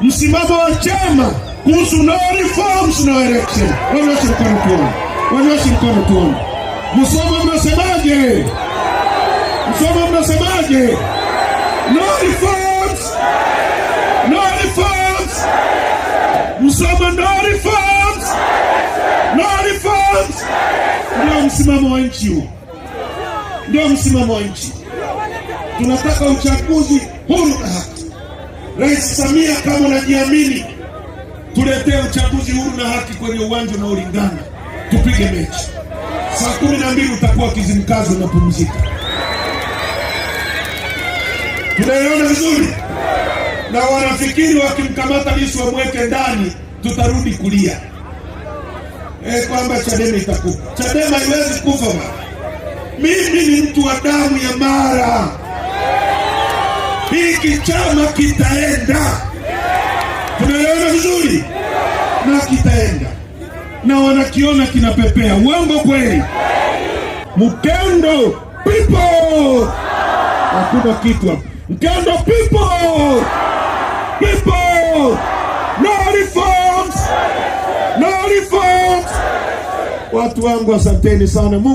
msimamo wa chama kuhusu no reforms no election. Wanyoshe mkono tuone, wanyoshe mkono tuone. Musoma mnasemaje? Musoma mnasemaje? No reforms, no reforms. Musoma no reforms, no reforms. Ndio msimamo wa nchi huu, ndio msimamo wa nchi. Tunataka uchaguzi huru na haki. Rais Samia, kama unajiamini, tuletee uchaguzi huru na haki kwenye uwanja unaolingana, tupige mechi. Saa kumi na mbili utakuwa Kizimkazi unapumzika. Tunaelewana vizuri? Na wanafikiri wakimkamata Lissu wamweke ndani, tutarudi kulia e, kwamba Chadema itakufa. Chadema haiwezi kufa Mimi ni mtu wa damu ya Mara hiki chama kitaenda. Tunaelewana vizuri? Na kitaenda na wanakiona kinapepea. Uongo kweli? Mkendo pipo, hakuna kitu hapa. Mkendo pipo, pipo, no reforms, no reforms. Watu wangu, asanteni sana Mungu